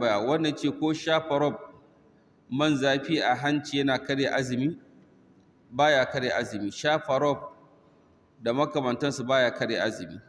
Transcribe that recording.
ba wannan ce ko shafa rob man zafi a hanci yana karya azumi baya karya azumi shafa rob da makamantansu baya karya azumi